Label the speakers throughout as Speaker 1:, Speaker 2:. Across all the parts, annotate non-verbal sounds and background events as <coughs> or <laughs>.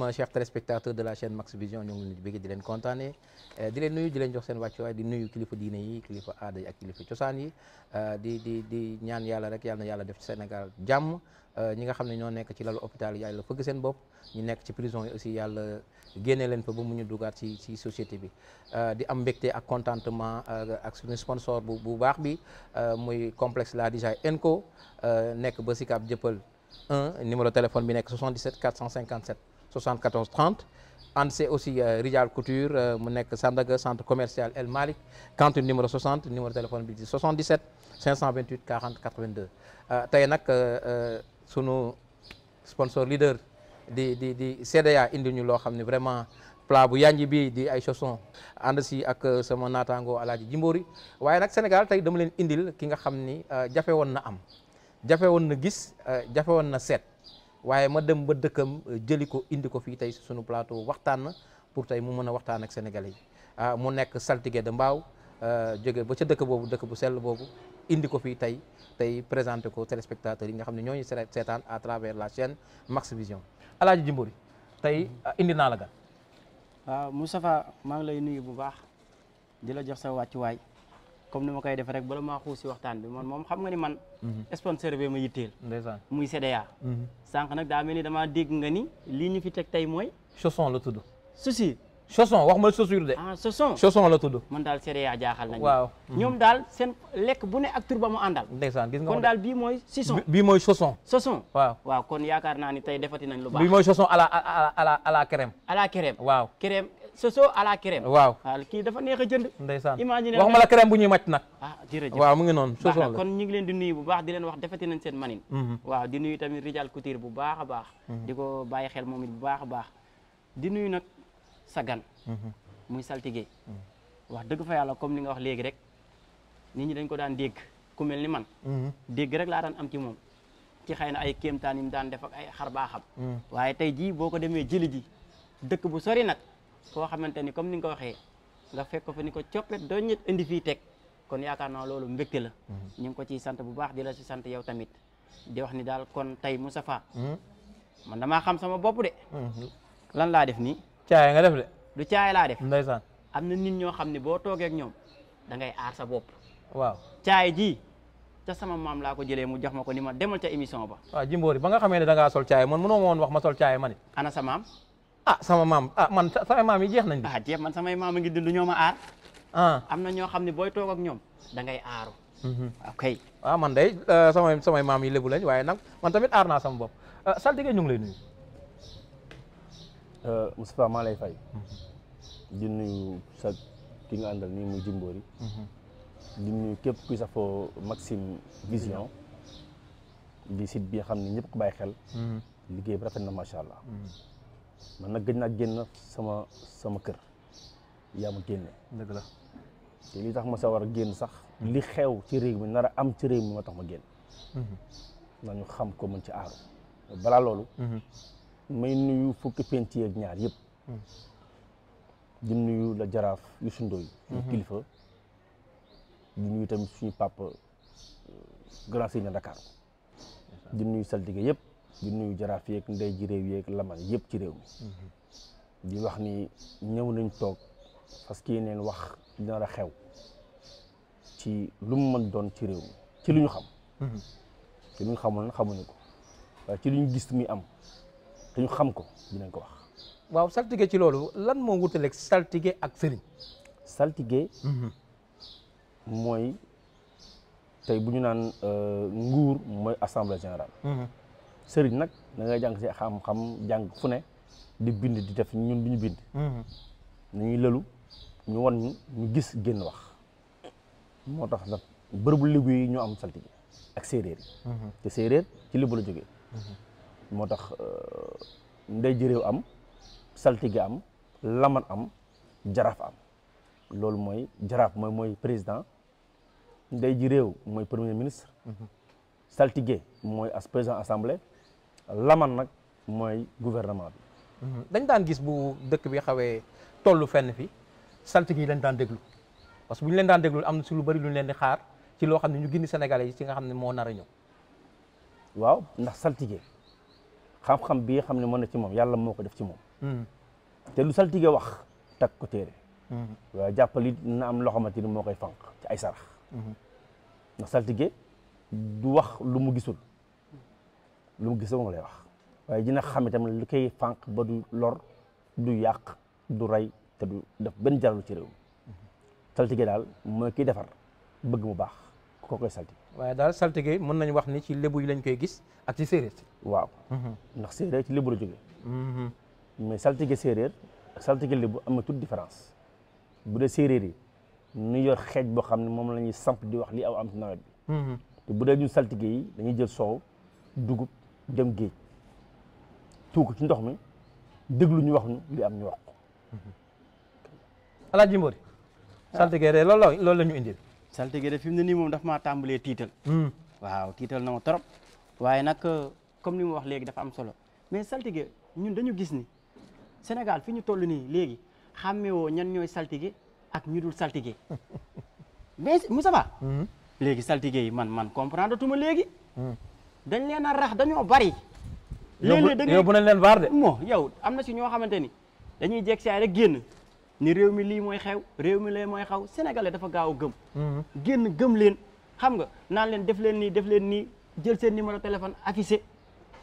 Speaker 1: salaamaaleykum chers téléspectateurs de la chaîne Max Vision ñu leen di bëgg di leen kontaane eh, di leen nuyu di leen jox seen wàccuwaay di nuyu kilifa diine yi kilifa aada yi ak kilifa cosaan yi eh, di ñaan yàlla rek yàlla yàlla def ci Sénégal jàmm eh, ñi nga xam ne ñoo nekk ci lalu hôpital yi yàlla fëgg seen bopp ñu nekk ci prison yi aussi yàlla génne leen fa ba mu ñu dugaat ci ci société bi di am mbégte ak contentement ak suñu sponsor bu bu baax bi muy complexe la Dija Enco nekk ba Sicap Jëppal 74 30 ànd c'est aussi euh, Rijal Couture euh, mu nekk Sandaga centre commercial El Malick cantine numéro 60 numéro téléphone bi di 77 528 40 82 tey nag euh, sunu sponsor leader di di di CDA indi ñu loo xam ne vraiment plat bu yanji bi di ay chausson ànd si ak sa sama naataango Alaaji Jimbori waaye nag Sénégal tey dama leen indil ki nga xam ni jafe woon na am jafe woon na gis jafe woon na seet waaye ma dem ba dëkkam euh, jëli ko indi ko fii tey si sunu plateau waxtaan na pour tey mu mën a waxtaan ak sénégalais yi ah mu nekk saltige de mbaaw euh, jóge ba ca dëkk boobu dëkk bu sell boobu indi ko fii tey tey présenté ko téléspectateurs yi nga xam ne ñooñu seetaan à travers la chaîne Max Vision Alaaji Jimbori tey ah, indi naa la gan
Speaker 2: waaw ah, Moustapha maa ngi lay nuyu bu baax di la jox sa wàccuwaay comme ni ma koy defee rek bala maa xuus si bi moom xam nga ni man. Mhm. sponsor bee ma yitteel. ndeysaan muy CEDEA. Mhm. sànq nag daa ni damaa dégg nga ni lii ñu ki teg tey mooy. chausson la tudd. susi. chausson wax ma chaussure de. ah chausson chausson la tudd. man daal CEDEA jaaxal nañu. waaw mhm. ñoom daal seen lekk bu ne ak tur ba mu àndal. ndeysaan gis nga kon daal bii mooy. chausson
Speaker 1: bii mooy chausson.
Speaker 2: chausson waaw. waaw kon yaakaar naa ni tey defati nañ lo baax. bii mooy chausson à la à la à la soso à la crème. waaw ah, kii dafa neex a jënd. ndeysaan waxuma la crème bu ñuy màcc nag. ah jërëjëf waaw mu ngi noonu soso la kon ñu ngi leen di nuyu bu baax di leen wax defati nañ seen manin. Mhm. waaw di nuyu tamit Rijal Couture bu baax a baax. Mhm. di ko bàyyi xel moom bu baax baax. di nuyu nag sa gan. Mhm. muy saltige. wax dëgg fa yàlla comme li nga wax léegi rek nit ñi dañ ko daan dégg ku mel ni man. dégg rek laa daan am ci moom. ci xëy na ay kéemtaan yi mu daan def ay xar baaxam. waaye tey jii boo ko demee jëli ji dëkk bu sori nag foo xamante ni comme ni nga ko waxee nga fekk fa ni ko coppet doo ñet indi fii teg kon yaakaar naa loolu mbégte la mhm. ñu ngi ko ciy sant bu baax di la si sant yow tamit di wax ni daal kon tey Moustapha mhm. man damaa xam sama bopp de mhm. lan laa def nii caay nga def de du caay laa def ndeysaan am na nit ñoo xam ne boo toogee ak ñoom da ngay aar sa bopp waaw caay ji ca sama maam laa ko jëlee mu jox ma ko ni ma demal ca émission ba waaw jimboori ba nga xamee ne da ngaa sol caay man mënoo ma woon wax ma sol caay ma ana sa maam a ah, sama maam ah, man sama maam yi jeex nañ ah jeex man samay maam a ngi dund ñoo ma aar. Ah. am na ñoo xam ne booy toog ak ñoom da ngay aaru.
Speaker 3: Mhm.
Speaker 1: ok
Speaker 2: waaw man day euh, samay maam yi lébu lañ waaye nag man tamit
Speaker 1: aar naa sama bop euh, saltige ñu ngi lay nuyu.
Speaker 3: Euh, Moustapha maa fay. Mhm. di nuyu sa ki nga àndal nii muy Jimbori. Mhm. di nuyu képp kuy safoo Maxime Vision. di site bi nga xam ne ñëpp ko bàyyi liggéey bi rafet na macha allah. man nag gëj naa génn sama sama kër yaa ma génne. te li tax ma sa war a génn sax li xew ci réeg mi nar a am ci réew mi ma tax ma génn. Mhm. nañu xam ko mën ci aaru. balaa loolu. Mhm. may nuyu fukki penti yeeg ñaar yëpp. Mhm. di nuyu la jaraaf Youssou Ndoye suñu kilifa di nuyu tamit suñu papa euh, grand seigneur Dakar di nuyu saltige yëpp. di nuyu jaraaf yeeg ndey ji réew yeeg laman yëpp ci réew mi mm-hmm. di wax ni ñëw nañ toog parce que neen wax dina la xew ci lu mu mën doon ci réew mi ci lu ñu xam mm-hmm. ci lu ñu xamoon xamuñu ko waaye ci lu ñu gis muy am te ñu xam ko ne ko wax
Speaker 1: waaw saltige ci loolu
Speaker 3: lan moo wutaleeg saltige ak sëriñ saltige mm-hmm. mooy tey bu ñu naan euh, nguur mooy assemblée général sëriñ nag da ngay jàng si xam-xam jàng fu ne di bind di def ñun du ñu bind. Mhm. nañuy lëlu ñu wan ñu gis génn wax moo tax nag bërëbu lébu yi ñu am saltige ak séeréer yi. Mhm. te séeréer ci lébu la jógee. Mhm. moo tax euh, ndey jëréew am saltige am laman am jaraaf am loolu mooy jaraaf mooy mooy président ndey ji réew mooy premier ministre. saltige mooy as président assemblée. laman nag mooy gouvernement bi. Mhm. dañ daan gis bu dëkk bi
Speaker 1: xawee tollu fenn fi saltige yi lañ daan déglu parce que bu ñu leen daan déglu am na si lu bari lu ñu leen di xaar ci loo xam ne ñu gindi Sénégalais yi ci nga xam ne moo nar a ñëw.
Speaker 3: waaw ndax saltige xam-xam bii xam ne mën na ci moom yàlla moo ko def ci moom. Mhm. te lu saltige wax teg ko téere. Mhm. jàppali na am loo xamante ni moo koy fànq ci ay sarax. ndax saltige du wax lu mu gisul. lu mu gis moom lay wax waaye dina xam itam lu koy fànq ba du lor du yàq du rey te du def benn jaralu ci réew mi saltige daal mooy kiy defar bëgg mu baax koo koy saltige
Speaker 1: waaye daal saltige mën nañu wax ni ci lébu yi lañ koy gis ak ci séeréer
Speaker 3: waaw mhm. ndax séeréer ci lébu la jógee mhm. mais saltige séeréer ak saltige lébu am na toute différence bu dee séeréer yi nu yor xeej boo xam ne moom lañuy samp di wax li aw am ci nawet bi mhm. te bu dee ñun saltige yi dem géej tuuk ci ndox mi déglu ñu wax ñu li am ñu wax ko.
Speaker 2: Alaaji Mbori. saltige de loolu loolu la ñu indil. saltige de fi mu ne nii moom daf maa tàmbalee tiital. Hmm. waaw tiital na ma trop. waaye nag euh, comme li mu wax léegi dafa am solo mais saltige ñun dañu gis ni Sénégal fi ñu toll nii léegi xàmmewoo ñan ñooy saltige ak ñu dul saltige <laughs> mais Moussa hmm. léegi saltige man man comprendre tuma léegi. Hmm. dañ leen a rax dañoo bari.
Speaker 4: léeg-léeg da ngay bu nañ leen baar de.
Speaker 2: moo yow am na si ñoo xamante ni dañuy jekk si ay rek génn ni réew mi lii mooy xew réew mi lee mooy xaw sénégalais dafa gaaw a gëm. Mhm. génn gëm leen xam nga naan leen def leen nii def leen nii jël seen numéro téléphone affiché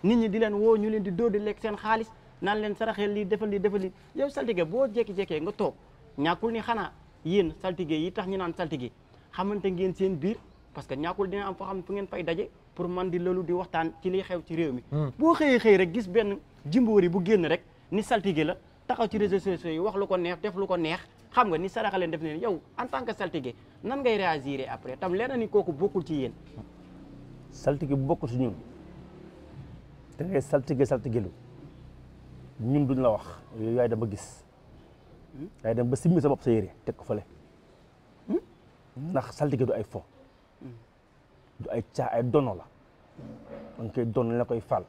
Speaker 2: nit ñi di leen woo ñu leen di dóor di lekk seen xaalis naan leen saraxeel lii defal lii defal lii yow saltige boo jekki-jekkee nga toog ñàkkul ni xanaa yéen saltige yi tax ñu naan saltige xamante ngeen seen biir parce que ñàkkul dina am foo xam fu ngeen fay daje pour man di loolu di waxtaan ci liy xew ci réew mi hmm. boo xëyee xëy rek gis benn jimboori bu génn rek ni saltige la taxaw ci réseaux sociaux yi wax lu ko neex def lu ko neex xam nga ni saraxa leen def ne yow en tant que saltige nan ngay réagir après tam leena ni ku bokkul ci yéen
Speaker 3: saltige bu bokkul ci ñun da ngay saltige saltige ñun duñ la wax yooyu yaay dem ba gis hmm? yaay dem ba simmi sa bopp sa yére teg ko fële hmm? ndax saltige du ay fo du ay caa ay dono la danga koy don la koy fal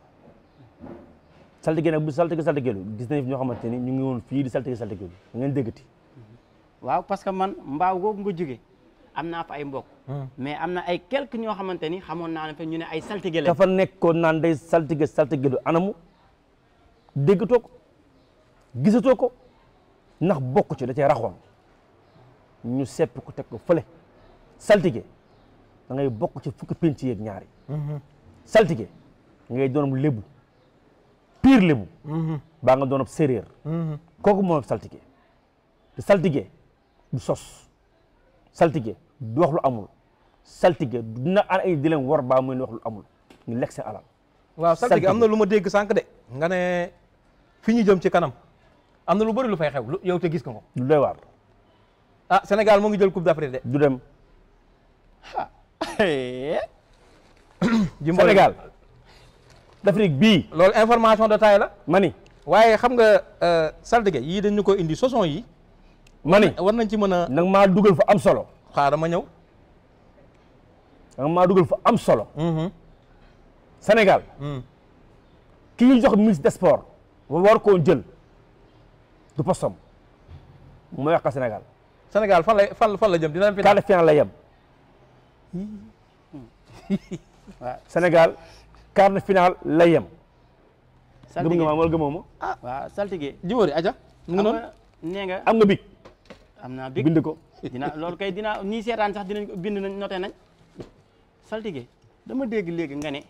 Speaker 3: saltige nag bu saltige saltigelu gis nañu ñoo xamante ni ñu ngi woon fii di saltige saltigelu ngeen déggati
Speaker 2: waaw parce que man mbaaw googu nga jóge am naa fa ay mbok hmm. mais am na ay quelque ñoo xamante ni xamoon naa ne fa ñu ne ay saltige la dafa
Speaker 3: nekkoon naan day saltige saltigelu anamu déggatoo ko gisatoo ko ndax bokk ci da cee raxoon ñu sepp teg ko fële saltige da ngay bokk ci fukki penc yeeg ñaari mm-hmm. saltige ngay doonam lébu pire lébu mm-hmm. baa nga doonam séeréer mm-hmm. kooku moom saltige te saltige du sos saltige du wax lu amul saltige dina an ay di leen war baa muy wax lu amul ñu lekk seen alal waaw saltige am na lu ma
Speaker 1: dégg sànq de nga ne fi ñu jëm ci kanam am na lu bari lu fay xew
Speaker 3: yow te gis nga ko lu doy waar ah Sénégal moo ngi jël coupe d'Afrique de du dem <coughs> jimbo
Speaker 1: Sénégal d'Afrique bii. loolu information de taille la. ma ni waaye xam nga euh, saltige yii dañu ko indi
Speaker 3: soson yi. ma war nañ ci mën a. nag maa dugal fa am solo. xaaral ñëw. nag maa dugal fa am solo. Mm-hmm. Sénégal. Mm. ki ñuy jox ministre des war koo jël du postom mooy wax Sénégal. Sénégal fan lay fan la jëm dina dem. qualifiant la yem.
Speaker 4: <laughs> waaw
Speaker 3: Sénégal quart de finale lay yem.
Speaker 2: saltige nga maam ah, am am naa bic bind ko. dinaa loolu kay dinaa nii seetaan sax dinañ bind nañ noté nañ. saltige dama dégg léegi nga ne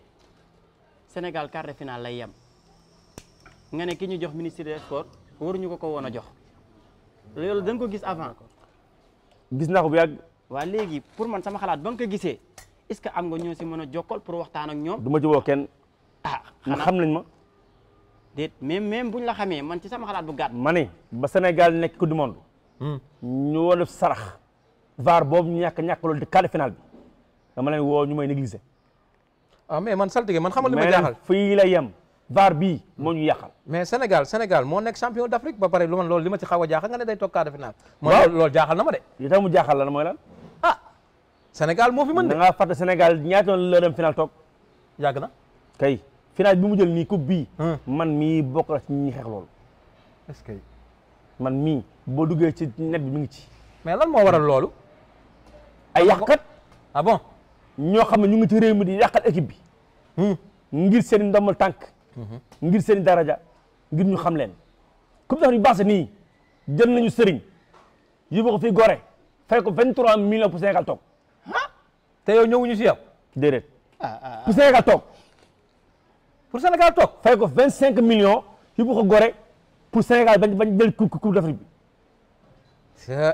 Speaker 2: Sénégal quart de finale lay yem nga ne ki ñu jox ministre des sports waruñu ko ko woon a jox loolu da ko gis avant. gis naa bu yàgg. waa léegi pour man sama xalaat ba nga ko gisee. est-ce que am nga ñoo si mën a jokkal pour waxtaan ak ñoom. du ma ci woo ah, xam nañ ma. déet même même buñ la xamee man ci sama xalaat bu gàtt. ma ne
Speaker 3: ba Sénégal nekk coupe du monde. Hmm. ñu war sarax. VAR boobu ñu ñàkk a di quart bi dama leen woo ñu may négliger. ah mais man saltige man xamal li ma jaaxal fii
Speaker 1: la yem. VAR bii moo nekk champion d'Afrique ba pare lu man loolu li ma a
Speaker 3: jaaxal nga ne day toog quart de finale. waaw mooy loolu na ma de. li mu jaaxal la mooy lan. senegal moo fi man de. da ngaa fàtte Sénégal ñaata yoon la dem final toog. na kay final bi mu jël nii coupe bii. man mii bokk na ci xeex loolu. que man mi boo duggee ci net bi mi ngi ci. mais lan moo waral loolu. ay ah yàqkat. ah bon ñoo xam ne ñu ngi ci réew mi di yàqal équipe bi. ngir seen ndombal tànk. Mhm. ngir seen daraja ngir ñu xam leen. coupe d'Afrique bi baax nii jël nañu sëriñ yóbbu ko fii Gorée fay ko 23 millions pour Sénégal toog. te yow ñëwuñu si yow. déedéet. Ah, ah, ah. pour Sénégal toog. pour Sénégal toog. fay ko vingt cinq million yu bu ko gore pour Sénégal bañ bañ jël coupe coupe d'Afrique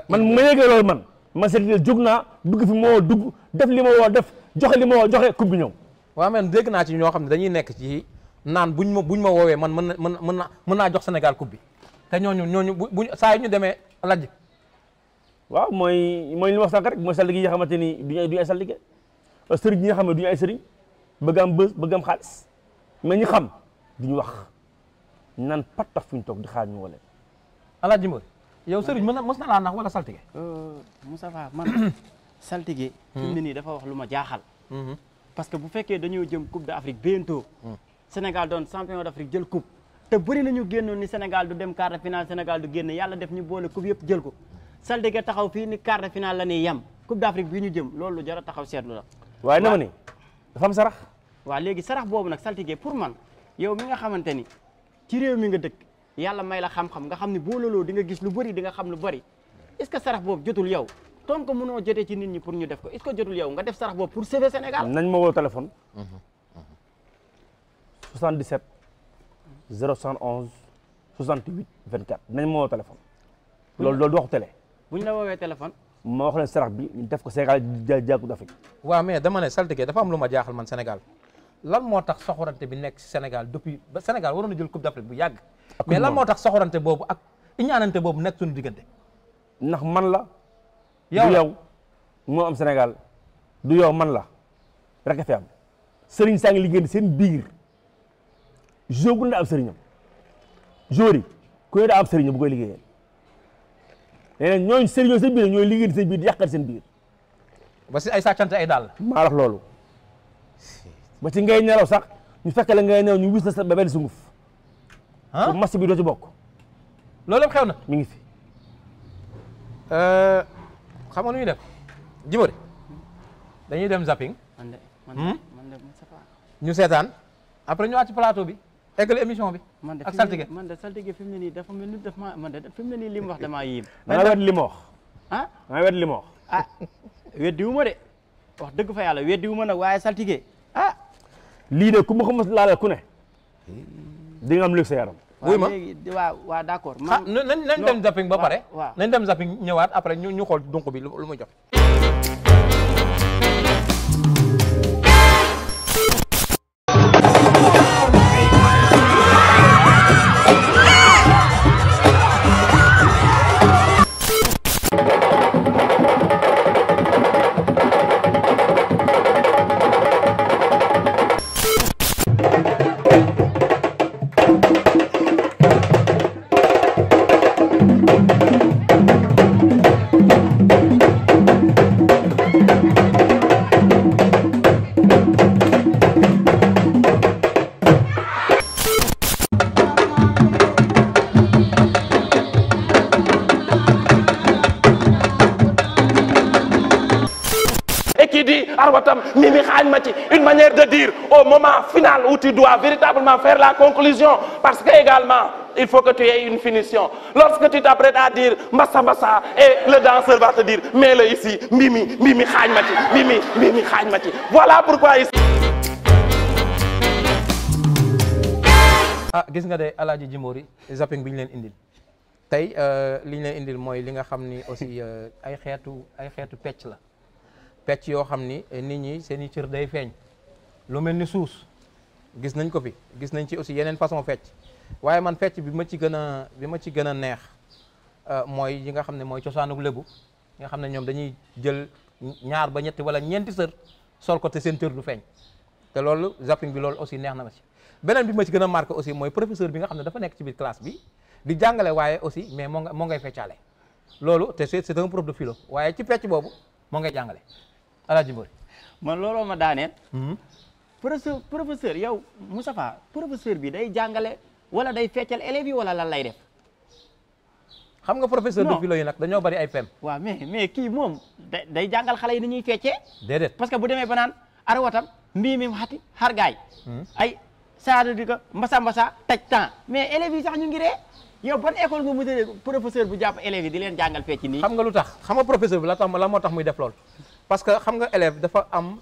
Speaker 3: man ma yëgee loolu man man seetlu jóg naa dugg fi moo dugg def li ma woo def joxe li ma woo joxe coupe bi ñëw.
Speaker 1: waa mee dégg naa ci ñoo xam ne dañuy nekk ci naan buñ ma buñ ma woowee man mën na mën naa jox Sénégal coupe bi te ñooñu ñooñu bu bu saa
Speaker 3: ñu demee lajj. waaw mooy mooy li wax sànq rek mooy saltige yi nga xamante ni duñu ay duñu ay yi nga xam ne duñu ay sëriñ bëgg am bës bëgg am xaalis mais ñu xam duñu wax nan pattaf fuñ toog di xaar ñu wala alaaj Jimbori
Speaker 2: yow sëriñ mën na mos na laa nax wala saltige euh, Moustapha man <coughs> saltige fi mu ne nii dafa wax lu ma jaaxal mm-hmm. parce que bu dañoo jëm coupe d'Afrique bientôt mm. Sénégal doon champion d'Afrique jël coupe te bëri nañu génnoon ni Sénégal du dem quart de finale Sénégal du génn yàlla def ñu boole coupe yëpp jël ko saltige taxaw fii ni quart de finale la ñuy yem coupe d'Afrique bi ñu jëm loolu lu jar seet taxaw seetlu la waaye na ma ni dafa am sarax waaw léegi sarax boobu nag saltige pour man yow mi nga xamante ni ci réew mi nga dëkk yàlla may la xam-xam nga xam ni boo looloo di nga gis lu bëri di nga xam lu bëri est-ce que sarax boobu jotul yow ton ko mënoo jotee ci nit ñi pour ñu def ko est-ce jotul yow nga def sarax boobu pour sauver Sénégal nañ
Speaker 3: ma woo téléphone 77 011 68 24 nañ ma woo téléphone
Speaker 2: loolu loolu du waxu bu ñu la woowee téléphone.
Speaker 3: moo wax leen sarax bi def ko Sénégal jàkku Afrique.
Speaker 1: waaw mais dama ne saltige dafa am lu ma jaaxal man senegal lan moo tax soxorante bi nekk si Sénégal depuis ba Sénégal waroon na jël coupe d'Afrique bu yàgg. mais lan moo tax soxorante boobu ak iñaanante boobu nekk
Speaker 3: suñu diggante. man la. yow du yow am Sénégal du man la rek a am sëriñ saa ngi liggéey seen biir jogu na am sëriñam joori ku ne daa am sëriñam bu koy liggéeye nee na ñooñu seen ñooñu biir ñooy liggéey seen biir di seen biir. ba si ay sàccante ay daal. maa wax loolu. ba ci ngay nelaw sax ñu fekk la ngay nelaw ñu wis la sa ba benn sunguf. ah pour masse bi doo ci bokk. loolu yëpp xew na mi ngi fi.
Speaker 1: Euh, xam nga nu ñuy def Djimbory dañuy dem zapping. man de man hmm? ñu seetaan après ñu wàcc
Speaker 2: plateau bi. eggale émission bi. ak saltige man de saltige fi mu ne nii dafa mel ni man de fi mu ne nii li mu wax damaa yéem. man li ma wax. ah man wet li ma wax. ah de wax dëgg fa yàlla weddiwu ma nag waaye saltige ah!
Speaker 3: lii de ku ma ko mos laalal ku ne di nga am lu sa yaram.
Speaker 1: wuy ma
Speaker 2: waaw waaw d' accord. man nañ dem zapping
Speaker 1: ba pare. nañ dem zapping ñëwaat après ñu ñu xool bi lu mu jot.
Speaker 3: dire au moment final où tu dois véritablement faire la conclusion parce que également il faut que tu aies une finition lorsque tu t'apprêtes à dire mbassa mbassa et le danseur va te dire mets-le ici mimi mimi xaañ ma voilà pourquoi ici
Speaker 1: ah gis nga de Alaaji Jimbori zapping bi ñu leen indil tey euh, li ñu leen indil mooy li nga xam ni aussi euh, ay xeetu ay xeetu pecc la pecc yoo xam ni eh, nit ñi seen i cër day feeñ lu mel ni suus gis nañ ko fi gis nañ ci aussi yeneen façon fecc waaye man fecc bi ma ci gën a bi ma ci gën a neex euh, mooy yi nga xam ne mooy cosaanug lébu nga xam ne ñoom dañuy jël ñaar ba ñetti wala ñeenti sër sol ko te seen du feeñ te loolu zapping bi loolu aussi neex na ma ci beneen bi ma ci gën a marqué aussi mooy professeur bi nga xam ne dafa nekk ci biir classe bi di jàngale waaye aussi mais moo nga moo ngay feccaale loolu te c'est c'est un prof de philo
Speaker 2: waaye ci fecc boobu moo ngay jàngale alaaji professeur professeur yow Moustapha professeur bi day jàngale wala day feccal élèves yi wala lan lay def. xam nga professeur de philo yi nag dañoo bari ay pem. waaw mais mais kii moom day jàngal xale yi ni ñuy feccee. déedéet parce que bu demee ba naan arawatam mbii mi xati xargaay. Hmm. ay saada di ko mbasa mbasa taj temps mais élèves yi sax ñu ngi ree yow ban école nga mujjee professeur bu jàpp élèves yi di leen jàngal fecc nii. xam nga lu tax xam nga professeur bi la tax moo tax muy def lool xam nga
Speaker 1: élève dafa am.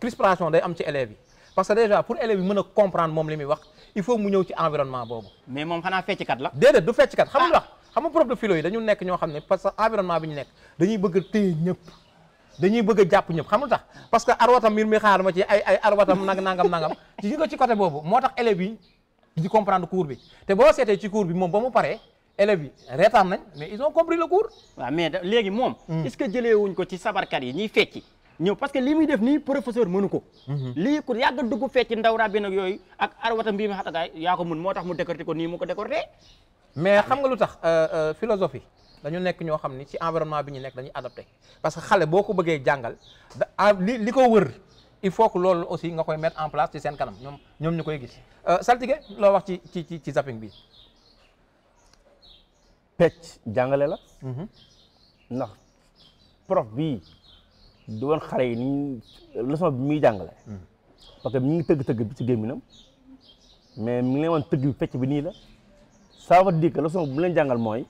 Speaker 1: crispation day am ci élèves yi parce que déjà pour élèves mën a comprendre moom li muy wax il faut mu ñëw ci environnement boobu. mais moom xanaa fecckat la. déedéet du fecckat xam nga ah. xam nga prof de philo yi dañu nekk ñoo xam ne parce que environnement bi ñu nekk dañuy bëgg a téye ñëpp dañuy bëgg a jàpp ñëpp xam nga tax parce que arwatam mbir mi xaar ma ci ay ay arwatam nag nangam nangam ci nga ci côté boobu moo tax élèves yi di comprendre bi te boo seetee ci cours bi moom ba mu paree. élèves yi reetaan nañ
Speaker 2: mais ils ont compris mais léegi moom. Hmm. est-ce que jëlee wuñ ko ci sabarkat yi ñiy fecci. ñëw parce que lii muy def nii professeur mënu ko mhm. lii ku yàgg a dugg fecc ndaw rabbi nag yooyu ak arwata mbii mi xatakaay yaa ko mën moo tax mu décorté ko nii mu ko décorté
Speaker 1: mais xam nga lu tax euh, euh, philosophie dañu nekk ñoo xam ni ci environnement bi ñu nekk dañuy adapté parce que xale boo ko bëggee jàngal da ah, li li ko wër il faut que loolu aussi nga koy mettre en place ci seen kanam ñoom ñoom ñu koy gis euh,
Speaker 3: saltige loo wax ci ci ci ci zapping bi pecc jàngale la mhm. ndax prof di woon xale yi ni leçon bi muy jàngale. Hmm. parce que mi ngi tëgg-tëgg bi ci gémminam mais mi ngi leen woon tëgg bi fecc bi nii la ça veut dire que leçon bu jàngal mooy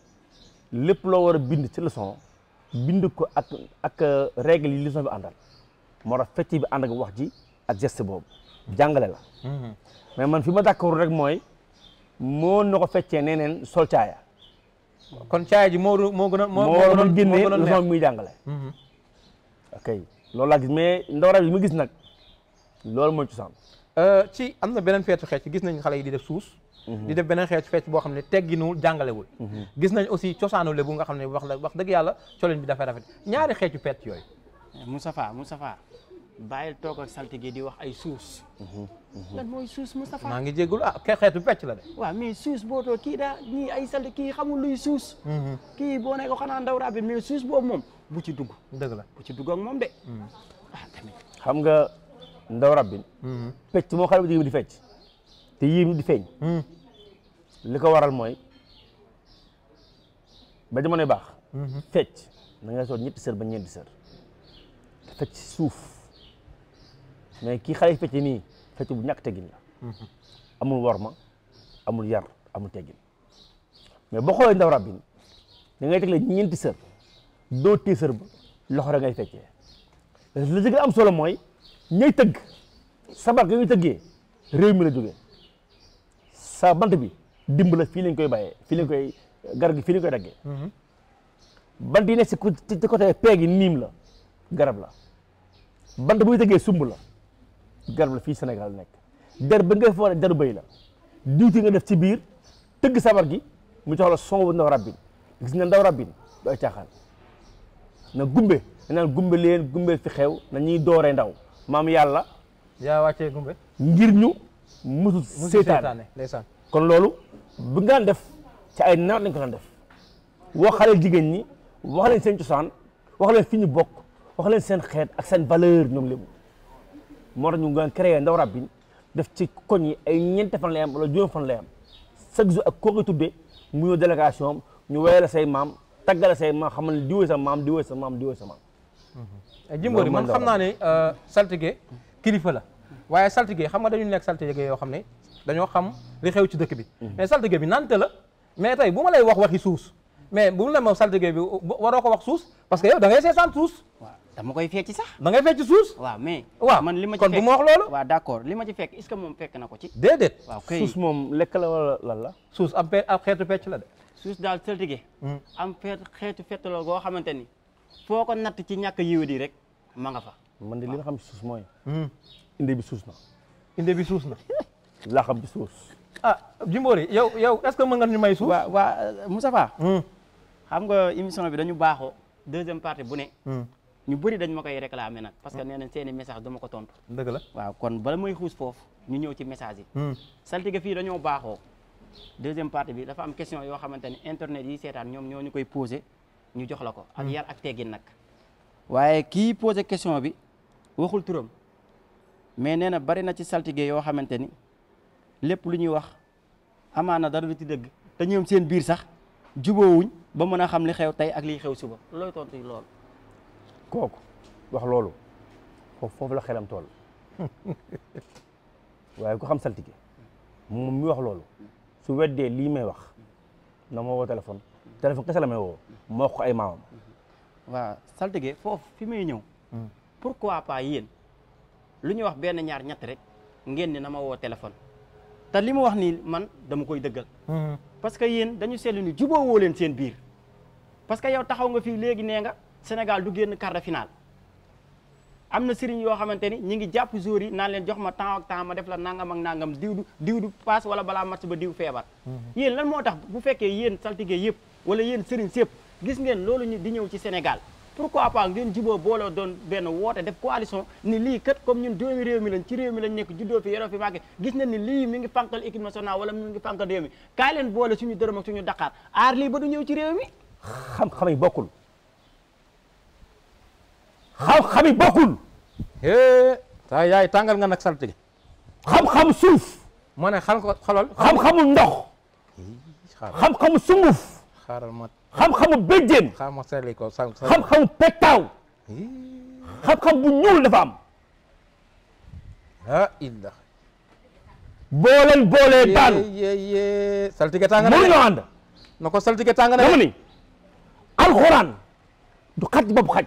Speaker 3: lépp loo war a bind ci leçon bind ko ak ak euh, règle yi leçon bi àndal moo tax fecc bi ànd ak wax ji ak geste boobu jàngale la hmm. mais man fi ma d'accord rek mooy moo na ko feccee neneen sol caaya kon caaya ji moo moo gën a moo jàngale hmm. ok loolu laa gis mais ndawra bi ma gis nag loolu mooy cosaan euh, ci am na beneen feetu xeec gis
Speaker 1: nañ xale yi di def suus mhm. di def beneen xeetu fecc boo xam ne tegginuwul jàngalewul mhm. gis nañ aussi cosaanu lebu nga xam ne wax la wax dëgg yàlla colin bi dafa rafet ñaari xeetu fecc yooyu eh, Moustapha Moustapha
Speaker 2: bàyyil toog ak saltige di wax ay suus mhm. lan mooy suus Moustapha maa ngi jéggul ah ke xeetu fecc la de waaw mais suus boo too kii daa ñii ay saltige kii xamul luy suus kii boo ne ko suus boobu moom bu ci dugg. dëgg la bu ci dugg ak moom de.
Speaker 3: Hmm. ah nga ndaw rabbi. fecc hmm. moo xale bu di fecc. te yéem di feeñ. Hmm. li ko waral mooy ba jamonoy baax. fecc da ngay sol ñetti sër ba ñeenti sër. te fecc suuf mais kii xale yi fecc nii fecc bu ñàkk teggin la. amul worma amul yar amul teggin mais boo xoolee ndaw rabbi da ngay tegle ñeenti sër. doo tiisar ba loxo rek ngay feccee li ci am solo mooy ñay tëgg sabar ga ñuy tëggee réew mi la jógee sa bant bi dimb la fii lañ koy bàyyee fii lañ koy garab gi fii lañ koy daggee bant yi nekk ci côté peeg yi niim la garab la bant buy tëggee sumb la garab la fii Sénégal nekk der ba nga fa deru béy la diwti nga def ci biir tëgg sabar gi mu jox la son bu ndaw rabbin gis nga ndaw rabbin du ay caaxaan na gumbe naan gumbe leen gumbe fi xew na ñuy doore ndaw maam yàlla. yaa wàccee ngir ñu musu seetaane ndeysaan kon loolu bu nga def ci ay nawet lañ ko def wax xale jigéen ñi wax leen seen cosaan wax leen fi ñu bokk wax leen seen xeet ak seen valeur ñoom lébu moo tax ñu ngi créé ndaw rab bi def ci koñ yi ay ñeenti fan lay am wala juróom fan lay am chaque jour ak koo koy mu ñëw délégation ñu wéyal say maam. taggale say ma xamal ne diwee sa maam diwee sa maam diwee sa maam eh, Jimbori man xam naa
Speaker 1: ne euh, saltige kilifa la waaye saltige xam nga dañu nekk saltige yoo xam ne dañoo xam li xew ci dëkk bi mm-hmm. mais saltige bi nante la mais tey bu ma lay wax waxi suus mais bu
Speaker 2: la ma saltige bi waroo ko wax suus parce que yow da ngay seetaan suus dama koy fecci sax da ngay fecci suus waaw mais waaw man li ma ci fekk kon bu ma wax loolu waaw d'accord li ma ci fekk est-ce na ko ci déedéet waaw suus
Speaker 3: moom lekk la wala lan la
Speaker 2: suus a ab xeetu pecc la de suuf daal saltige hmm. am feet xeetu fettaloo goo xamante ni foo ko natt ci ñàkk yiw di rek ma nga fa
Speaker 3: man de li nga xam ci suus mooy hmm. inde bi suus na inde bi suus na <laughs> laa xam ci suus
Speaker 2: ah Jimbori yow yaw est-ce que mën nga ñu may suus waaw waaw Moustapha hmm. xam nga émission bi dañu baaxoo deuxième partie bu ne ñu bëri dañ ma koy réclamer nag parce que nee nañ seeni message dama ko tontu dëgg la waaw kon bala may xuus foofu ñu ñëw ci message yi saltige fii dañoo baaxoo deuxième partie bi dafa am question yoo xamante ni internet yi seetaan ñoom ñoo ñu koy posé ñu jox la ko. ak hmm. yar ak teggin nag. waaye kii posé question bi waxul turam mais nee na bari na ci saltige yoo xamante ni lépp lu ñuy wax na dara du ci dëgg te ñoom seen biir sax juboowuñ ba mën a xam li xew tey ak liy xew suba looy tontu loolu. kooku
Speaker 3: wax loolu foofu la xelam tool <laughs> waaye ku xam saltige moom mi wax loolu. su weddee lii may wax na ma woo téléphone téléphone kese la may woo ma wax ko ay maamam
Speaker 2: waaw saltige foofu fi may ñëw hmm. pourquoi pas yéen lu ñu wax benn ñaar ñett rek ngeen ni na ma woo téléphone te li mu wax nii man dama koy dëggal hmm. parce que yéen dañu seetlu ni juboo woo leen seen biir parce que yow taxaw nga fii léegi nee nga Sénégal du génn quart de finale am na sëriñ yoo xamante ni ñi ngi jàpp jour yi naan leen jox ma temps ak temps ma def la nangam ak nangam diw du diw du paas wala balaa match ba diw feebar mhm. yéen lan moo tax bu fekkee yéen saltige yëpp wala yéen sëriñ sépp gis ngeen loolu ñu di ñëw ci Sénégal pourquoi pas ngeen juboo booloo doon benn woote def coalition ni lii kat comme ñun doomi réew mi lañ ci réew mi lañ nekk juddoo fi yoroo fi màggee gis ne ni lii mi ngi fànqal équipe nationale wala mi ngi fànqal réew mi kaay leen boole suñu dërëm ak suñu Dakar ba du ñëw ci réew mi
Speaker 3: xam yi bokkul xam-xami bokkul.
Speaker 1: saa yaay tàngal nga nag saltige. xam-xam suuf. moo ne xam ko xolal. xam-xamu ndox. xam-xamu sunguf. xaaral ma xam-xamu béjjén. xaaral ma seetlu bu ñuul dafa am. ah Idda. boo leen boolee daanu. tàng na de ko saltige tàng na de dama ni.
Speaker 3: alxuraan du xaj bopp xaj.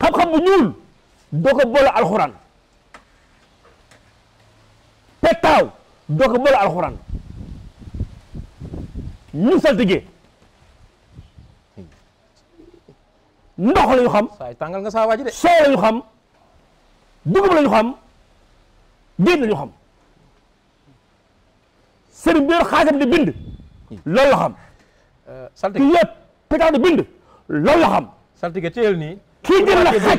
Speaker 3: xam-xam bu ñuul doo ko boole alxuraan petaaw doo ko boole alxuraan ñu saltige ndox la ñu xam.
Speaker 1: saa tàngal nga saa xam dugub la ñu xam géej la ñu xam sëriñ bi yor euh, di bind loolu la xam.
Speaker 3: saltige yëpp petaaw di bind loolu la xam. kii jël la xaj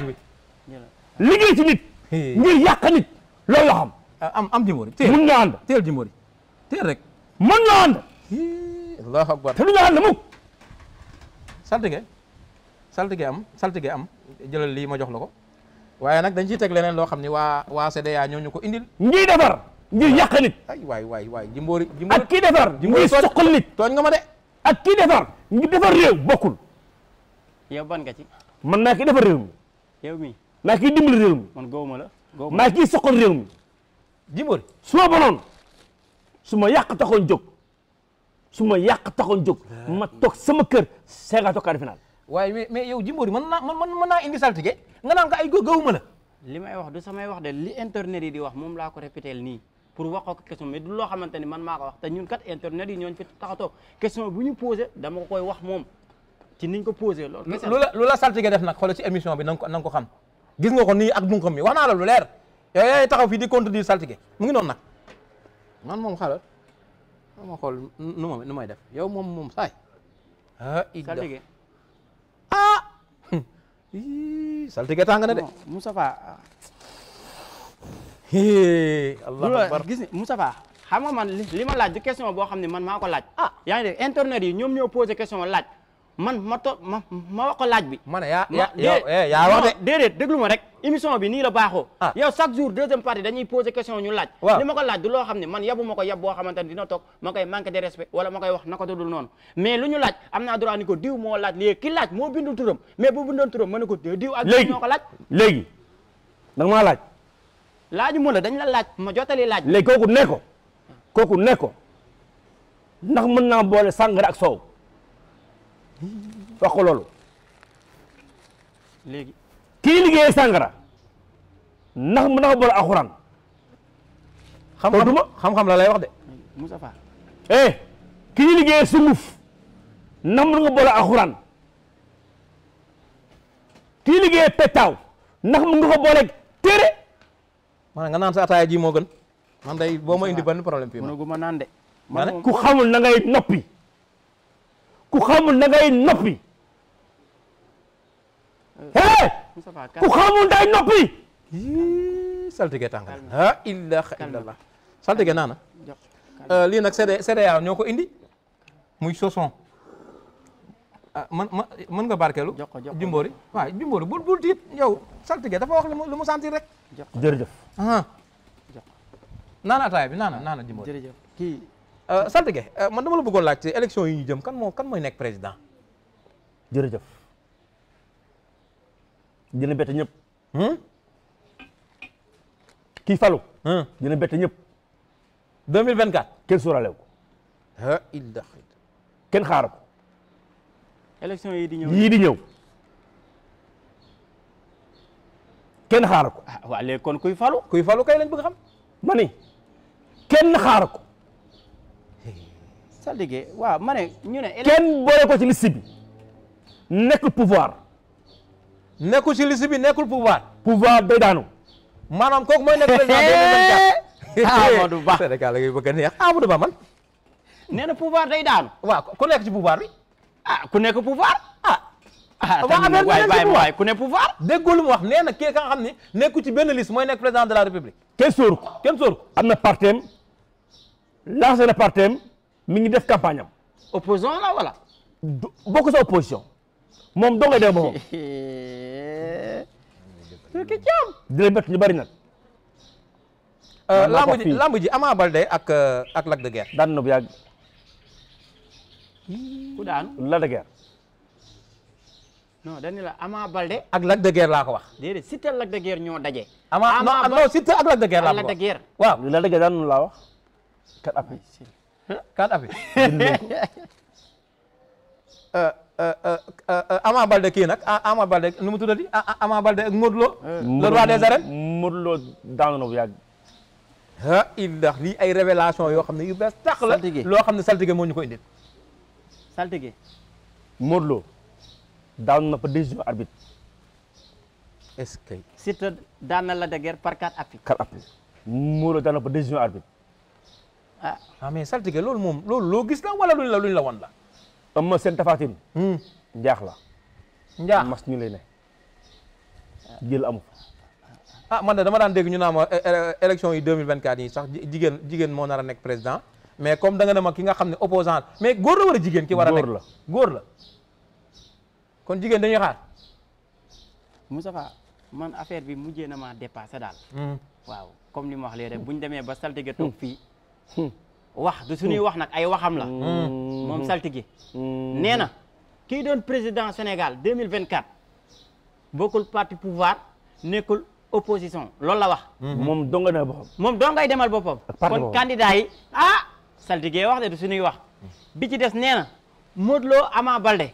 Speaker 3: liggéey ci nit ngir yàq nit loolu xam
Speaker 1: ah, am am jimboori teel mun ñoo ànd teel jimboori teel rek mun ñoo ànd allahu akbar te du ñu ànd mukk saltige saltige am saltige am jëlal lii ma jox la ko waaye nag dañ ciy teg leneen loo xam ni waa waa CDA ñoo ñu ko indil ngi defar ngir yàq nit ay waay waay waay jimboori jimboori ak kii defar ngir soqal nit tooñ nga ma de
Speaker 3: ak kii defar ngir defar réew bokkul yow nga ci man naa ngi defar réew mi. yow mii maa ngi dimbali réew mi.
Speaker 2: man gawuma la gawuma
Speaker 3: maa ngi soqal réew mi. Djimbory su ma bonoon su ma yàq taxoon jóg su ma yàq
Speaker 2: taxoon jóg ma toog sama kër Sénégal toog quart de finale.
Speaker 1: waaye mais mais yow Djimbory mën naa man mën naa indi saltige nga naan ko ay gawuma la.
Speaker 2: li may wax du samay wax de li internet yi di wax moom laa ko répété nii pour wax ko question mais du loo xamante ni man maa ko wax te ñun kat internet yi ñooñu fi tax a toog question bu ñu posé dama ko koy wax moom. ci niñ ko posé loolu. lu la
Speaker 1: lu la saltige def nag xoolal ci émission bi na ko na gis nga ko ni ak bunkam mi wax naa la lu leer yow yaay taxaw fii di contredire saltige mu ngi noonu nag man moom xaaral ma xool nu may def yow moom moom saay.
Speaker 2: saltige ah. tàng na de. Moustapha ah. allahu akbar gis ni Moustapha nga man li ma laaj du question boo xam ne man maa ko laaj. a ah. yaa ngi dégg internet yi ñoom ñoo posé question laaj. man ma to ma ma laaj bi. ma ne yaa eh, yaa wax de. déedéet déglu ma rek émission bi nii la baaxoo. Ah. yow chaque jour deuxième partie dañuy poser question ñu laaj. waaw li ma ko laaj du loo xam ne man yabu ma ko yab boo xamante ne dina toog ma koy manqué de respect wala ma koy wax naka dul noonu mais lu ñu laaj am naa droit ko diw moo laaj léegi ki laaj moo bindul turam mais bu bindoon turam ma ne ko diw ak diw ñoo ko laaj. léegi da nga maa laaj. laaju mu la dañ la laaj ma jotali laaj.
Speaker 3: la kooku ne ko kooku ne ko ndax mën naa boole sàngara ak wax ko loolu. léegi kii liggéey sàngara nax mu ndax boole alxuraan. xam-xam xam-xam la wax de. Moussa eh, kii liggéeyee sunguf ndax mu nga boole alxuraan kii liggéeyee pettaaw ndax mu nga ko booleeg téere.
Speaker 1: maanaam nga naan sa ataaya ji moo gën. man day boo ma indi benn problème fii. mënagu ma naan de. ku xamul na ngay noppi. ku xamul da ngay noppi eh
Speaker 3: ku xamul day noppi
Speaker 1: saltige tàng la ilaha illallah saltige naana euh, lii nag CD CDA ñoo ko indi muy soson ah, man man mën nga barkeelu jumboori waaw jumboori bul bul tiit yow saltige dafa wax lu mu sentir rek jërëjëf naana ataaya bi naana naana jumboori Euh, saltige euh, man dama la bëggoon laaj ci yi ñu jëm kan moo kan mooy nekk président.
Speaker 3: jërëjëf dina bett ñëpp. Hmm? kii falu. Hmm? dina bett ñëpp. 2024 kenn sóoraale ko. ah il ko. élection yii di ñëw yii di ñëw.
Speaker 2: kenn xaaru ko. ah kon kuy falu. kuy falu kay lañ bëgg xam. ma ni kenn xaaru ko. saltige waaw ma ne ñu ne. kenn
Speaker 3: boole ko ci liste bi nekkul pouvoir. nekkul
Speaker 1: ci liste bi nekkul pouvoir. pouvoir day daanu. maanaam kooku mooy nekk président bi.
Speaker 2: <laughs> Amadou
Speaker 1: Ba Sénégal la ngay bëgg a neex Amadou Ba man. nee na ku nekk ci pouvoir bi. ah ku nekk pouvoir ah. ah ku ne pouvoir.
Speaker 3: déggoo lu mu wax nee na kii nga ne nekku ci benn liste mooy nekk président de la république. kenn sóoru ko kenn sóoru ko. am na partem lancé na partem mi ngi def campagne am. opposition la wala. du bokk sa moom doo ngay <laughs> ñu bari nag.
Speaker 2: Euh, lamb ji lamb
Speaker 1: ji Ama Baldé ak euh, ak Lac de Guiers. daan na bu yàgg.
Speaker 3: ku daan Lac
Speaker 2: de la Ama Baldé. ak Lac
Speaker 3: de laa ko wax.
Speaker 2: déedéet Siteu Lac de ñoo daje.
Speaker 3: Ama non non ak Lac de laa ko wax. waaw daan na laa wax. kat appui.
Speaker 2: kan afi <laughs>
Speaker 1: euh, euh, euh, Ama Balde kii nag Ama Balde nu mu tuddati Ama Balde ak Modou Lo. le roi des arènes ay révélation yoo xam ne yu bees saltige loo xam ne saltige ñu koy indil.
Speaker 2: saltige. Modou Lo arbitre. est-ce que. Siteu daan na la de guerre par quatre arbitre. ah
Speaker 3: ah mais saltige loolu moom loolu loo gis la wala luñ la luñ la wan la. Eumeu Sène Tapha Tine. Hmm. njaax la. njaax mas ñu lay ne. jël amu ah man
Speaker 1: de dama daan dégg ñu naan ma élection yi 2024 yi sax jigéen jigéen moo nar a nekk président mais comme da nga ne ma ki nga xam ne opposant mais góor la wala jigéen ki war a nekk góor la góor la kon jigéen dañuy xaar.
Speaker 2: Moustapha man affaire bi mujjee na maa dépassé daal. Hmm. waaw comme li ma wax léegi rek bu ñu demee ba saltige toog fii. Hmm. wax du suñuy hmm. wax nag ay waxam la hmm. moom saltigi
Speaker 4: nee na
Speaker 2: kii doon président Sénégal 2024 bokkul parti pouvoir nekkul opposition loolu la wax moom donga na boppam moom dongay demal boppam kon candidat yi ah saltige wax de du suñuy wax bi ci des nee na Modou Lo Ama Baldé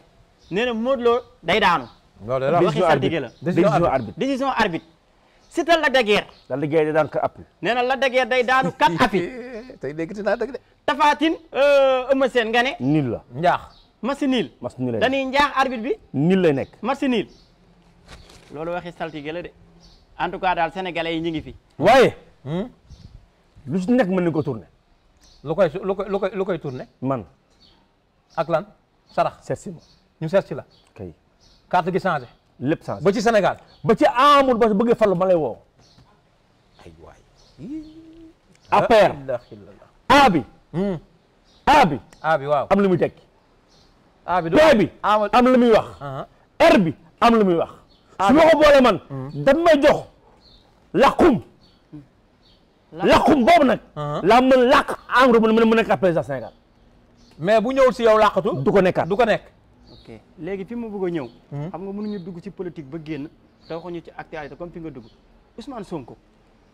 Speaker 2: nee na Modou Lo day daanu
Speaker 1: waxi saltige la
Speaker 2: décision arbitre Siteu Lac de Guiers. Lac de Guiers day daan kat appui. nee na day daanu kat <laughs> appui. tey dégg naa euh, nga ne. niil la njaax.
Speaker 3: masi niil. masi niil
Speaker 2: lay bi.
Speaker 3: niil lay nekk. masi niil.
Speaker 2: loolu waxi saltige la de en tout cas daal sénégalais yi ñu ngi fi.
Speaker 3: waaye. Hmm? lu si nekk mën nañu ko tourner. lu koy lu koy lu koy lu koy tourner. man. ak lan sarax. si ma ñu seet si la. kay carte gi changé. lépp changé ba ci Sénégal ba ci amul ba bëggee falu ma lay woo.
Speaker 1: ay waay.
Speaker 3: APR A bi. Hmm. A bi. A bi waaw am lu muy tekki. A bi doole bi am lu muy wax. Uh-huh. R bi am lu muy wax. su ma ko boolee man. Hmm. dañ may jox làkkum. làkkum boobu nag. Uh-huh. laa mën làkk engrais mën mën a nekk APR Sénégal. mais bu ñëwul si yow làkkatu. du ko nekkaat du ko nekk.
Speaker 2: ok léegi fi mu bëgg a ñëw hmm? xam nga mënuñu dugg ci politique ba génn te waxuñu ci actualité comme fi nga dugg Ousmane Sonko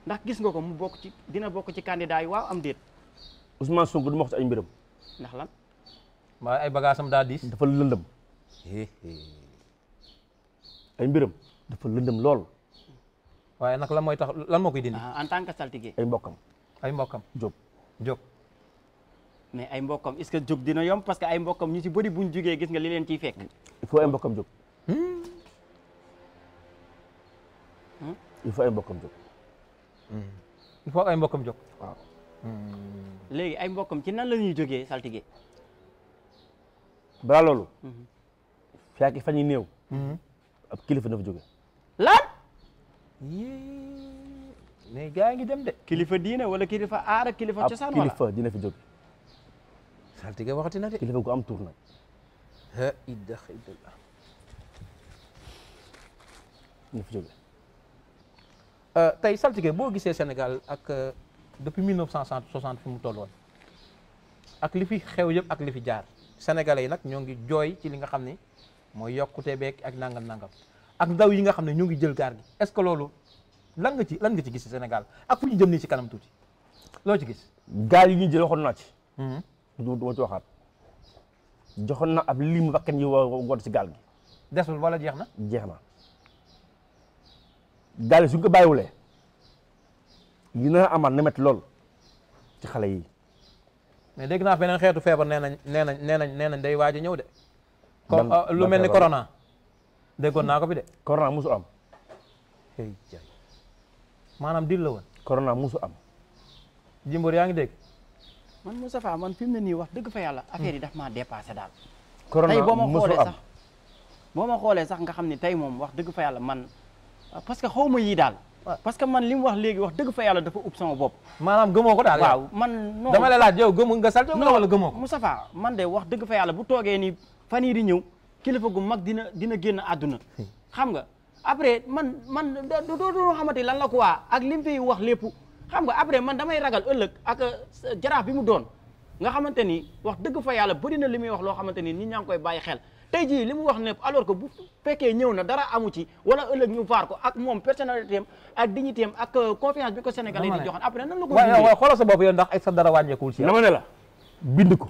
Speaker 2: ndax gis nga ko mu bokk ci dina bokk ci candidat yi waaw am déet
Speaker 3: Ousmane Sonko du ma wax ay mbiram
Speaker 2: ndax lan maa ay bagaasam daa di
Speaker 3: dafa lëndëm ay mbiram dafa lëndëm lool
Speaker 2: waaye nag lan mooy tax lan moo koy dindi ah, en tant que saltige
Speaker 3: ay mbokkam ay mbokkam Diop Diop
Speaker 2: mais ay mbokkam est-ce que jóg dina yomb parce que ay mbokkam ñu ci bëri buñ jógee gis nga li leen ciy fekk.
Speaker 3: il faut ay mbokkam jóg. Hmm? il faut ay mbokkam jóg. Hmm. il faut ay mbokkam jóg. waaw. Hmm.
Speaker 2: ay mbokkam ci nan la ñuy jógee saltige.
Speaker 3: balaa loolu. fekk fan yi néew. ab kilifa na fa jógee.
Speaker 2: lan. mais gaa ngi dem de. kilifa diine wala kilifa aar ak kilifa cosaan wala
Speaker 3: fi jógee. saltige waxati na de. kilifa ko am tur nag.
Speaker 1: ah Idda Xaydullah. ñu fi jóge. Euh, tey saltige boo gisee Sénégal ak euh, depuis 1960 fi mu tolloon ak li fi xew yëpp ak li fi jaar sénégalais yi nag ñoo ngi jooy ci li nga xam ne mooy yokkute beeg ak nangam nangam ak ndaw yi nga xam ne ñoo ngi jël gaar gi est-ce que loolu lan nga ci lan nga ci gis Sénégal ak fu ñu jëm nii ci kanam tuuti
Speaker 3: loo ci gis. gaal yi ñuy jël waxoon naa ci. Hmm. du ma ci waxaat joxoon na ab lim bakkan yi woon si gaal gi. desul wala jeex na. jeex na gaal yi suñ ko bàyyiwulee yi na amaat na lool ci xale yi.
Speaker 1: mais dégg naa beneen xeetu feebar nee nañ nee nañ nee nañ nee nañ day waaj a ñëw de. comme lu mel ni corona.
Speaker 3: déggoon naa ko fi de. corona musu am. maanaam dil la woon. corona musu am. Jimbor yaa ngi dégg.
Speaker 2: man Moustapha man fi mu ne nii wax dëgg fa yàlla affaire yi daf maa dépassé daal tey boo ma xoolee sax nga xam ne tey moom wax dëgg fa yàlla man parce que xaw ma yii daal parce que man li mu wax léegi wax dëgg fa yàlla dafa ub sama bop maanaam gëmoo ko daal waaw man non dama la laaj yow gëm nga salte nga wala gëmoo ko Moustapha man de wax dëgg fa yàlla bu toogee ni fan yii di ñëw kilifa gu mag dina dina génn àdduna hmm. xam nga après man man doo doo xamante lan la quoi ak li mu fiy wax lépp xam nga après man may ragal ëllëg ak euh, jaraaf bi mu doon nga xamante ni wax dëgg fa yàlla bëri na li muy wax loo xamante ni nit ñaa ngi koy bàyyi xel tey jii li mu wax ne alors que bu fekkee na dara amu ci wala ëllëg ñu vaar ko ak moom personnalité am ak dignité am ak euh, confiance bi ko Sénégalais yi di joxoon après nan la ko waaw
Speaker 1: waaw sa bopp yow ndax ay sa dara wàññeekul ci yow dama ne la bind ko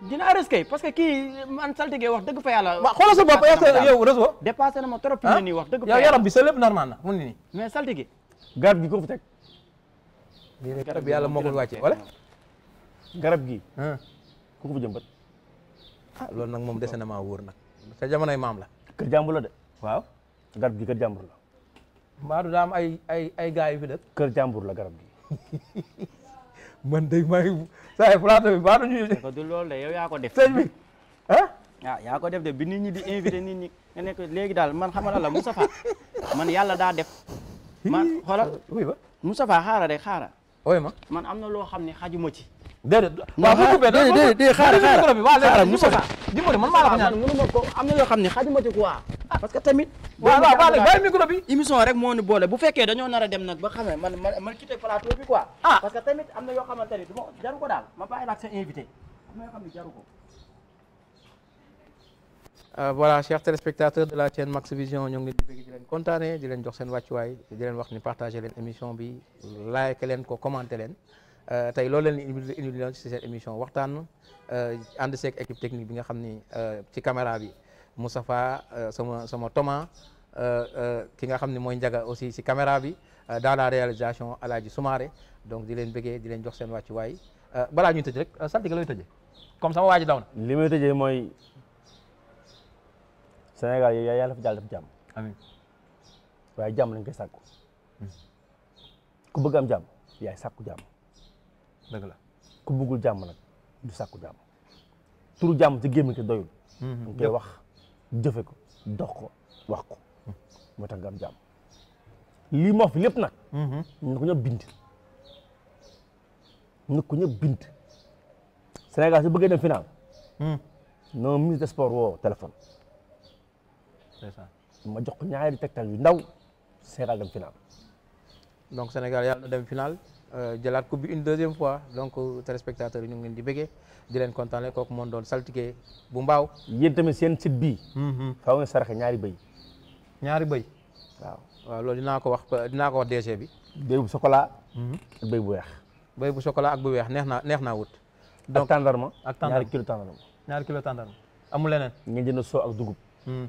Speaker 2: dinaa rës kay parce que kii man saltige wax dëgg fa yàlla. waaw xoolal sa bopp yow réseau. dépassé na ma trop
Speaker 1: fi mu ne nii ah? bi
Speaker 2: sa lépp normal na mu ne saltige garab gi ko
Speaker 3: moo ko wàccee wala. gi. Ah. ku ko fa jëmbat. ah loolu nag moom dese na maa wóor nag. sa jamonoy maam la. kër jàmbur la de. waaw garab gi kër jàmbur la.
Speaker 1: Mbaa du daa am ay ay ay gars
Speaker 2: yu fi dëkk. kër jàmbur la garab gi. <laughs>
Speaker 3: man day may
Speaker 2: saa yu plateau bi baatu ñu. ko du loolu de yow yaa ko def. sëñ bi ah. waaw def de bi nit ñi di invité nit ñi nga nekk léegi daal man xamal la Moustapha man yàlla daa def. man xoolal oui ba Moustapha xaara rek xaara. ma man am na loo xam ne xajuma ci. déedéet waaw bu tuddee déedéet déedéet xaara xaara xaara Moustapha dimbali man maa la ko ñaan mënuma ko am na loo xam ne xajuma ci quoi. parce que tamit. waaw waaw waaw bàyyi micro bi. émission rek moo ñu boole bu fekkee dañoo nar a dem nag ba xam ne man man man quitté plateau bi quoi. Ah. parce que tamit am na yoo xamante du ma jaru daal ma bàyyi la ak sa invité am na yoo xam
Speaker 1: ne euh, de la chaîne Max Vision ñoo ngi leen di bëgg di leen kontaanee di leen jox seen wàccuwaay di leen wax ni partagé leen émission bi like leen ko commenté leen euh, tey loolu leen indi indi émission waxtaan euh, ànd seeg équipe technique bi nga xam ni ci caméra bi. Moustapha euh, sama sama Thomas euh, euh, ki nga xam ne mooy njaga aussi si caméra bi dans la réalisation Alaaji Soumaré donc di leen bëggee di leen jox seen wàccuwaay balaa ñuy tëj rek sant gi
Speaker 3: looy tëjee comme sama waa ji daw na. li may tëjee mooy Sénégal yi yàlla fa jàll dafa jàmm. amiin waaye jàmm lañ koy sakku hmm. ku bëgg am jàmm yaay sàkku nag du sàkku jàmm. turu jàmm ci gémmiñ ko doyul. Hmm. dañ jëfe ko dox ko wax ko moo tax nga lii moo fi lépp nag mhm. na ko ñëpp bind na ko ñëpp bind Sénégal su bëggee dem final hmm. non ministre des sports woo téléphone ma jox ko ñaari tegtal yu ndaw Sénégal dem final
Speaker 1: donc Sénégal yàlla dem final Euh, jëlaat coupe bi une deuxième fois donc euh, téléspectateurs yi ñu ngi leen di bëggee di leen kontaanee kooku moom doon saltige bu mbaaw. yéen tamit seen site bii. Mhm. faaw nga saraxe ñaari bëy. ñaari bëy. waaw loolu dinaa ko wax dinaa ko wax bi.
Speaker 3: bëy bu sokola ak mhm. bëy bu weex.
Speaker 1: bëy bu chocolat bu weex neex na neex naa wut. donc ak
Speaker 3: tàndarma ak tàndarma ñaari kilo tàndarma. ñaari kilo tàndarma amul leneen. nga jënd soo ak dugub. Mhm.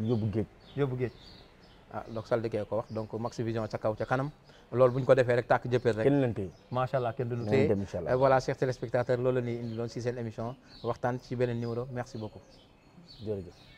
Speaker 3: yóbbu géej.
Speaker 1: yóbbu géej ah donc saltige ko wax donc Max Vision ca kaw ca kanam. loolu bu ñu ko defee rek tàkk jëppee rek kenn leen tey macha allah kenn du ñu tey euh, voilà chers téléspectateurs loolu la ñuy indi loon si seen émission waxtaan ci beneen numéro merci beaucoup
Speaker 3: jërëjëf